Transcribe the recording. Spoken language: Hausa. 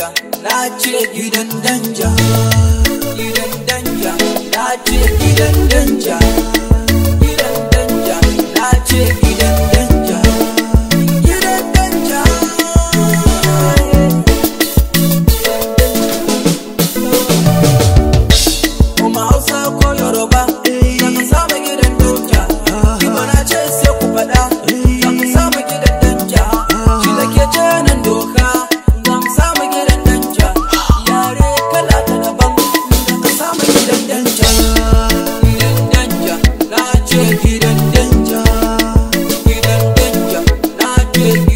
danja na ce gidan danja gidan danja na ce gidan danja gidan danja na ce gidan danja gidan danja kuma hausa ko yoruba eh. You.